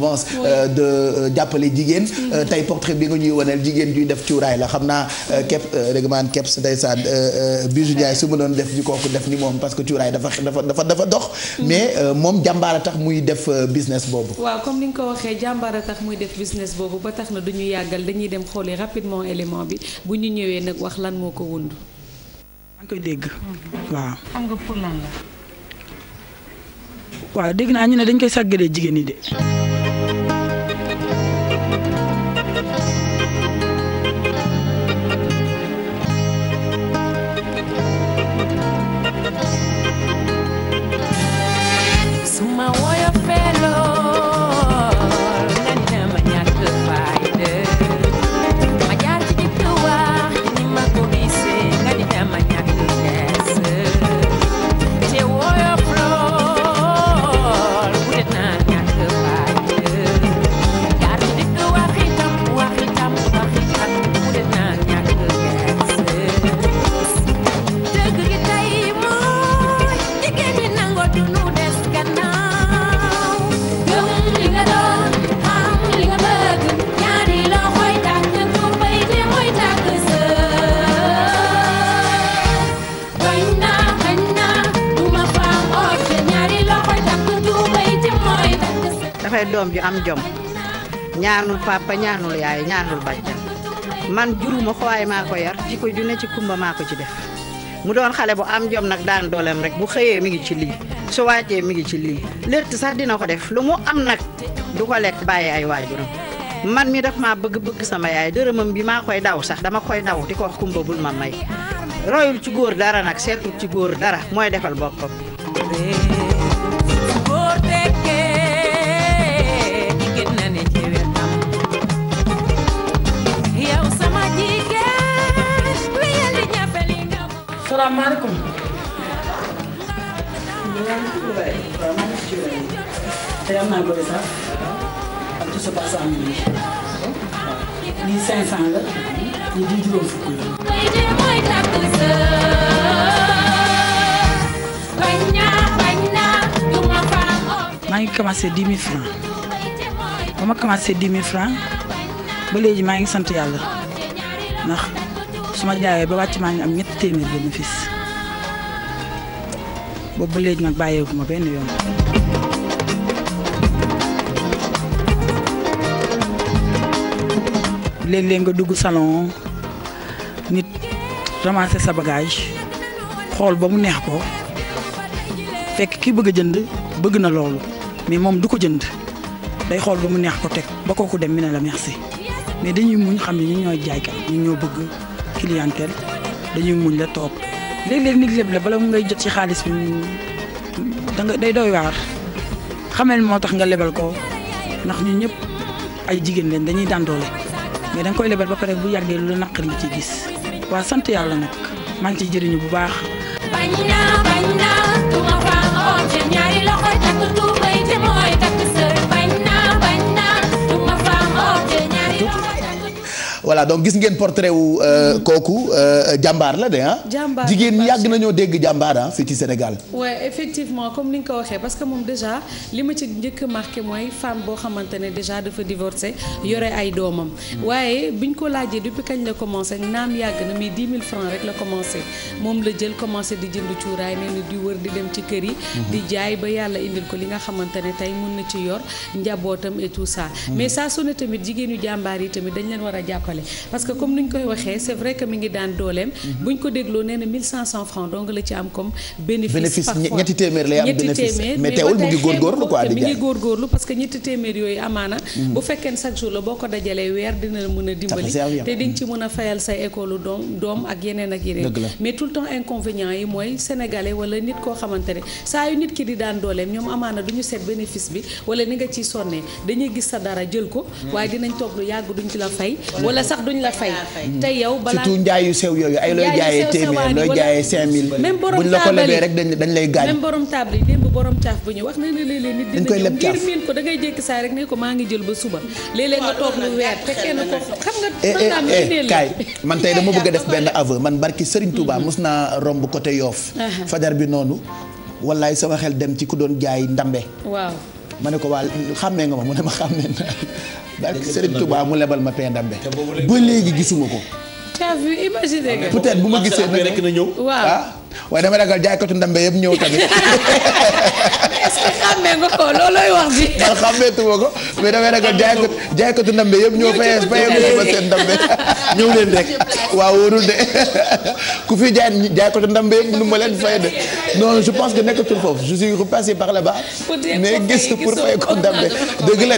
mouvance euh, de euh, jàppale jigéen mm-hmm. euh, tey portrait bi nga ñuy waneel jigéen juy def cuuraay la xam naa képp réglement képp sa bisu Ndiaye su ma doon def ñu kooku def ni moom parce que cuuraay dafa dafa dafa dafa dox mm-hmm. mais moom jàmbaar a tax muy def business boobu waaw comme ni ko waxee jàmbaar a tax muy def business boobu ba tax na duñu yàggal dañuy dem xooli rapidement élément bi bu ñu ñëwee nag wax lan moo ko wund maa koy dégg mm-hmm. waaw la waaw dégg naa ñu ne dañ koy sàggalee jigéen ñi de doom ju am jom ñaanul papa ñaanul yaay ñaanul bàjjan man juruma ko waaye maa ko yar ci ko ju ne ci kumba maa ko ci def mu doon xale bu am jom nag daan dooleem rek bu xëyee mi ngi ci lii su wàccee mi ngi ci lii létt sax dina ko def lu mu am nag du ko lekk bàyyi ay waajuram man mi daf maa bëgg-bëgg sama yaay dërëmam bi maa koy daw sax dama koy daw di ko wax kumba bul ma may royul ci góor dara nag seetul ci góor dara mooy defal boppam asalaamaaleykum. waaw maa ngi naa maa ngi commencé 10 000 francs ba ma commencé 10 000 francs ba léegi maa ngi sant yàlla ndax suma jaayee ba wàcc maa ngi am ñetti téeméer bénéfice boobu léegi nag bàyyeeku ma benn yoon. léeg-léeg nga dugg salon nit ramasser sa bagage xool ba mu neex ko fekk ki bëgg a jënd bëgg na loolu mais moom du ko jënd day xool ba mu neex ko teg ba kooku dem mi ne la merci mais dañuy muñ xam ne ñu ñooy jaaykat ñu ñoo bëgg. clientèle dañuy muñ la toog léeg-léeg nit lépp la bala mu ngay jot ci xaalis bi danga day doy waar xamel moo tax nga lebal ko ndax ñu ñëpp ay jigéen leen dañuy daan doole mais danga koy lebal ba pare bu yàggee lu la naqar ci gis waa sant yàlla nag maa ngi ciy jëriñu bu baax voilà donc gis ngeen portrait wu euh, mhm. kooku euh, jàmbaar la de ah. jàmbaar jigéen ñi yàgg nañoo dégg jàmbaar ah ci Sénégal. oui effectivement comme ni nga ko waxee parce que moom déjà li ma ci njëkk marqué mooy femme boo xamante ne déjà dafa divorcé yore ay doomam. Mhm. waaye biñ ko laajee depuis kañ la commencé naam yàgg na mais 10 mille francs rek la commencé moom la jël commencé di jënd cuuraay nee na di wër di dem ci kër yi. Mhm. di jaay ba yàlla indil ko li nga xamante ne tey mun na ci yor njabootam et tout ça. mais saa su ne tamit jigéenu jàmbaar yi tamit dañ leen war a parce que comme ni ñu koy waxee c'est vrai que mi ngi daan dooleem. Mhm. bu ko dégloo nee na 1500 francs donc la ci am comme. bénéfice parfois ñetti téeméer lay am bénéfice mais teewul mu ngi góorgóorlu quoi di jaay mi ngi góorgóorlu parce que ñetti téeméer yooyu amaana. Mhm. bu fekkee chaque la boo ko dajalee weer dina la mën a dimbali. te di ci mhm. mën a fayal say école doom doom ak yeneen ak yeneen. mais tout le temps inconvénient yi mooy sénégalais wala nit koo xamante ne saa yu nit ki di daan dooleem ñoom amaana du ñu seet bénéfice bi wala ni nga ciy sonnee dañuy gis sa dara jël ko waaye dinañ toog lu yàgg duñ ci la fay sax duñ la fay. te yow balaa surtout njaay yu sew yooyu ay looy jaaye téeméer looy jaaye 5000. même borom buñ la ko lebee rek dañ dañ lay gaañ. même borom table yi démb borom caaf bu ñu wax nee na léeg-léeg nit dina ñëw ngir ko da ngay jékki saa rek ne ko maa ngi jël ba suba léeg nga toog lu weer te kenn ko xam nga. mën naa mi kaay man tey dama bëgg a def benn aveu man barki sëriñ Touba mhm. mos naa romb côté Yoff fajar bi noonu wallaay sama xel dem ci ku doon jaay ndambe waaw ma ne ko waa xàmmee barke Serigne Touba mu lebal ma pain dambe ba léegi gisuma ko. t'as vu imaginer ah, bu ma gisee nag. waaw ah, waaye dama ragal jaaykatu ndambe yëpp ñëw tamit. est-ce xàmmee nga ko loolooy wax bi. man xàmmeetuma ko mais damay ragal jaaykatu jaaykatu ndambe yëpp ñoo fayee fayee ma seen ndambe ñëw leen rek waaw wóorul de ku fi jaay jaaykatu ndambe yëpp nu ma leen je pense que nekkatul foofu je suis repassé par là-bas mais gis pour fay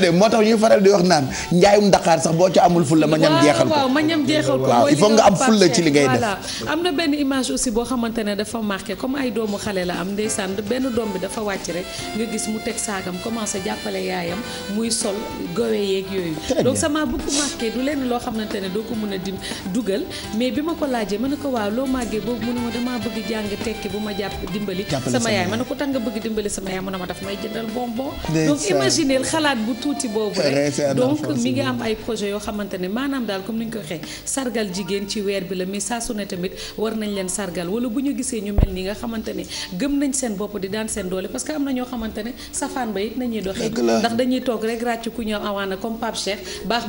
de moo tax ñuy faral di wax naan njaayum Dakar sax boo ca amul fulla ma ñam jeexal ko waaw ma ñam jeexal ko waaw il faut nga ci li ngay def am na aussi boo xamante ne dafa marqué comme ay doomu xale la am ndeysaan benn doom bi dafa wàcc rek nga gis mu teg saagam commencé jàppale yaayam muy sol gowe yeeg yooyu donc ça m'a beaucoup marqué du lenn loo xamante ne doo ko mën a di dugal mais bi a ko laajee mën na ko waaw loo màggee boobu mu ne ma bëgg jàng tekki bu ma jàpp dimbali sama yaay man ne ko tax nga bëgg dimbali sama yaay mu ne ma daf may jëndal bonbon donc bu tuuti boobu rek donc mi am ay projet yoo xamante ne maanaam daal comme ni ñu ko waxee sargal jigéen ci weer bi la mais saa su ne tamit war nañ leen sargal wala bu ñu gisee ñu mel ni nga xamante ne gëm nañ seen bopp di daan seen doole parce que xamante ne safaan ba it nañuy doxee ndax dañuy toog rek ràcc ku ñëw awaana comme Pape Cheikh baax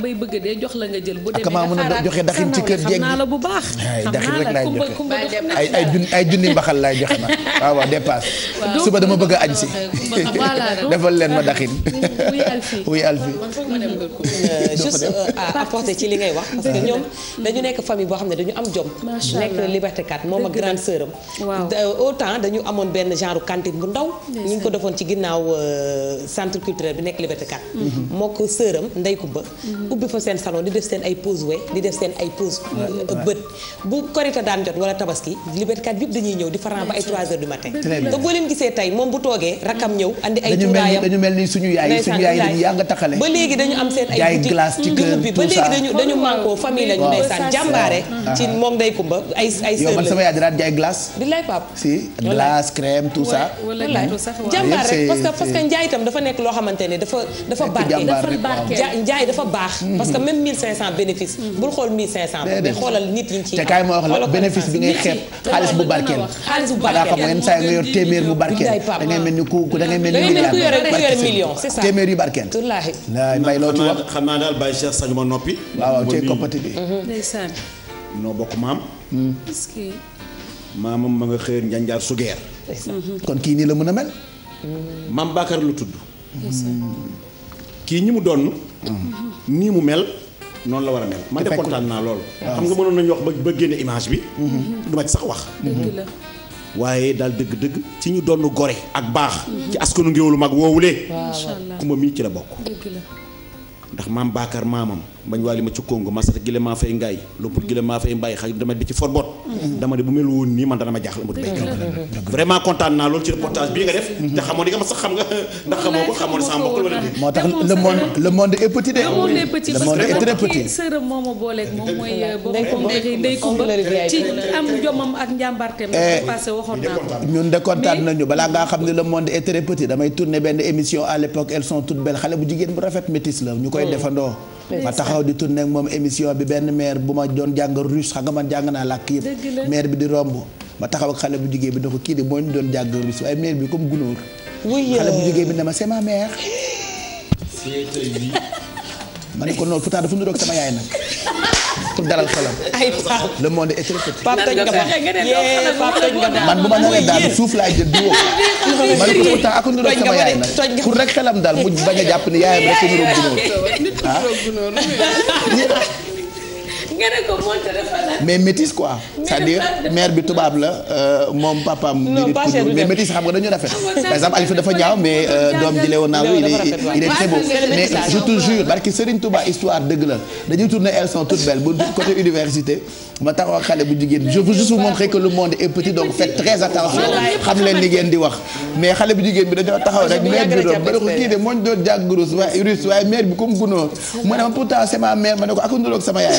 jox la nga jël bu demee nga xaaraat daxin ci kër jeeg xam naa la bu baax xam naa la kumba kumba ay ay junni ay junni mbaxal laay joxe ma waaw waaw dépasse suba dama bëgg a añ si defal leen ma daxin oui Alfi euh, juste euh, à ci li ngay wax parce que dañu nekk famille boo xam ne dañu am jom nekk liberté 4 moom ak grande sœur am dañu amoon benn genre cantine bu ndaw ñu ngi ko defoon ci ginnaaw euh, centre culturel bi nekk Liberté 4. moo ko sëram Ndey Kumba mhm. ubbi fa seen salon di def seen ay pause di def seen ay pause euh, bët bu korite daan jot wala tabaski Liberté 4 yëpp dañuy ñëw di faran ay 3 heures du matin te boo leen gisee tey moom bu toogee rakkam ñëw andi ay cuuraayam dañu mel ni suñu yaay suñu yaay dañu ba léegi dañu am seen ay boutique di ubbi ba léegi dañu dañu mànkoo famille lañu ndeysaan jàmbaare ah. ci moom Ndey Kumba ay ay sœur man sama yaay di daan jaay glace di lay pap si glace crème tout ça hmm. jàmbaare jàmbaar rek parce que njaay itam dafa nekk loo xamante ne dafa dafa barke njaay dafa baax mm-hmm. parce que même 1500 bénéfice mm-hmm. bul xool 1500 mais xoolal nit yi ci te kaay ma wax la bénéfice bi ngay xeeb xaalis bu barkeel xaalis bu barkeel xam nga bu barkeel téeméer yu barkeel wallaahi mbay loo ci wax xam naa daal bàyyi Cheikh sañu ma noppi waaw tey koppati bi mm-hmm. ndeysaan noo bokk maam mm. maamam ma nga xëy njanjaar sugeer kon kii nii la mën a mel maam Bakar lu tudd. kii ñi mu doon. nii mu mel noonu la war a mel. man de kontaan naa loolu. Ah. xam nga mënoon nañu wax ba génne image bi. Mhm. du ma ci sax wax. Mhm. waaye daal dëgg-dëgg ci ñu doon gore ak baax. Mhm. ci askanu ngéwélu mag woowulee. ma mii ci la bokk. ndax maam Bakar maamam bañ waali ma ci Congo masata gile maa fay ngaay loppul gile maa fay mbaay xaj dama bi ci forbot dama de bu mel woon nii man dana ma jaaxal Amadou Mbaye Diaw vraiment kontaan naa loolu ci reportage bii nga def te xamoon di nga ma sax xam nga ndax xamoo ko xamoon sama mbokk wala moo tax le monde le monde est petit de le monde est petit moo ma booleeg moom mooy euh, boppam Ndeye Coumba ci am jomam ak njàmbarteem eh, passé waxoon naa ko ñun de kontaan nañu bala ngaa xam ne le monde est très damay turne benn émission à l'époque elles sont toutes belles xale bu jigéen bu rafet métis la ñu koy mm. defandoo ma taxaw di tourné ak moom émission bi benn maire bu ma doon jàng russe xam nga man jàng naa làkk yëpp maire bi di romb ma taxaw ak xale bu jigéen bi ne kii de moo ñu doon jàng russe waaye maire bi comme gunóor euh. xale bu jigéen bi ne ma c'est ma mère ma ne ko noonu pourtant dafa niroog sama yaay nag pour dalal xolam. ay Pape le monde est très petit. Pape toj nga ma yee Pape toj nga ma man bu daal suuf laa jël di woo. yaay rek xelam daal mu bañ a jàpp ni yaayam rek a niroog ah nga ne mais métis quoi. cest bi tubaab la euh, moom papaam. non pas cher mais métis xam nga dañu rafet. par exemple Alifa dafa ñaaw mais euh, doom ji Leonardo il est il est très beau mais je te jure barki Serigne histoire dëgg la dañuy tourner elles sont toutes belles bu côté université ma taxaw xale bu jigéen je veux juste vous le monde est petit donc faites très attention xam leen li di wax mais xale bu jigéen bi dañoo taxaw rek mère bi doon ba ne ko kii de mooñ doon jàgg rus waaye rus waaye ne ma ko ak sama yaay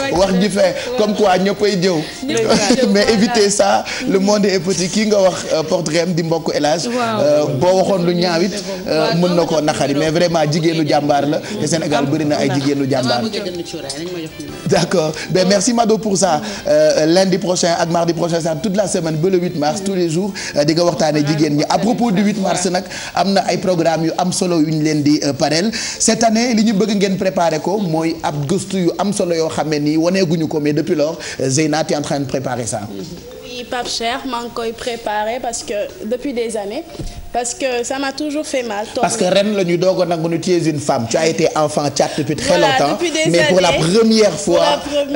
wax ji fee comme quoi ñëppay jëw mais éviter ça mm-hmm. le monde est petit nga wax euh, portrait di mbokk élage euh, boo waxoon lu ñaawit euh, mën na ko naqari mais vraiment jigéenu jàmbaar la te mm-hmm. Sénégal bëri na ay jigéenu jàmbaar d'accord mais merci Mado pour ça lundi prochain ak mardi prochain ça toute la semaine ba le 8 mars tous les jours di nga waxtaane jigéen ñi à propos du 8 mars nag am na ay programme yu am solo yu ñu leen di pareel cette année li ñu bëgg ngeen préparer ko mooy ab gëstu nii waneeguñu ko mais depuis lors euh, Zeyna tu es en train de préparer ça. oui Pape Cheikh maa ngi koy préparer parce que depuis des années. parce que ça m'a toujours fait mal. parce que ren la ñu doog a nangu ne tu es une femme tu été enfant chat depuis très voilà, longtemps depuis mais années, pour la première fois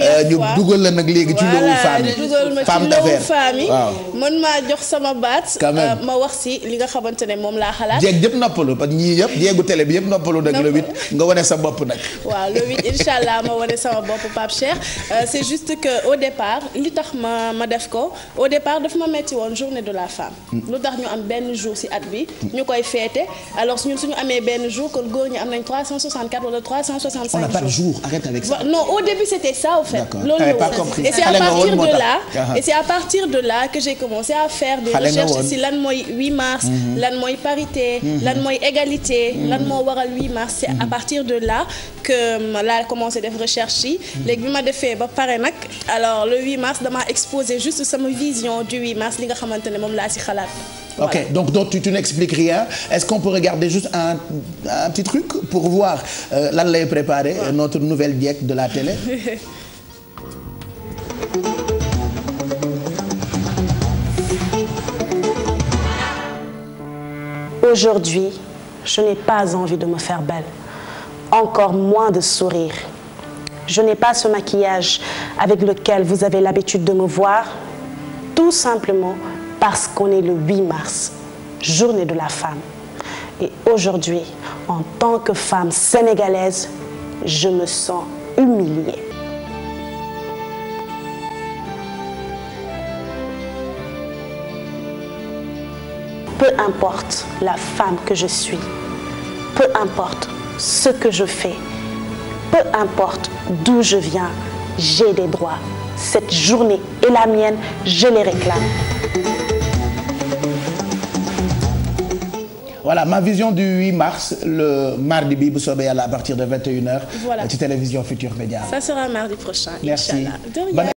euh, ñu dugal la nag léegi ci loolu femme yi dugal ma man maa jox sama baat. Euh, ma wax si li nga xamante ne moom laa xalaat. jéeg yëpp noppalu parce que ñii yëpp jéegu télé bi yëpp noppalu nag le huit nga wane sa bopp nag. waaw le huit incha allah ma wane sama bopp Pape Cheikh euh, c' est juste que au départ li tax ma ma def ko au départ daf ma metti woon journée de la femme. Hmm. bi ñu koy féete alors ñun suñu amee benn jour kon góor ñi am nañ 364 wala 365 jours. on a pas de jour arrête avec ça. non au la woon et c'est à partir de là ah, ah. et c'est à partir de là que j'ai commencé à faire des recherches si lan mooy 8 mars. Mhm. lan mooy parité. Mhm. lan mooy égalité. Mhm. lan moo waral 8 mars c'est à partir de là que laa commencé def recherche yi. léegi bi ma defee ba pare nag alors le 8 mars dama exposé juste sama vision du 8 mars li nga xamante ne moom laa ci xalaat. ok donc donc tu, tu n'expliques rien est-ce qu'on peut regarder juste un un petit truc pour voir euh, lan lay préparer ouais. notre nouvelle diète de la télé. Aujourd'hui, je n'ai pas envie de me faire belle, encore moins de sourire. Je n'ai pas ce maquillage avec lequel vous avez l'habitude de me voir, tout simplement parce qu'on est le 8 mars, journée de la femme. Et aujourd'hui, en tant que femme sénégalaise, je me sens humiliée. Peu importe la femme que je suis, peu importe ce que je fais, peu importe d'où je viens, j'ai des droits. Cette journée est la mienne, je les réclame. voilà ma vision du 8 mars le mardi bi bu soobee yàlla à partir de 21h. voilà ci télévision Futur Média. ça sera mardi prochain. incha allah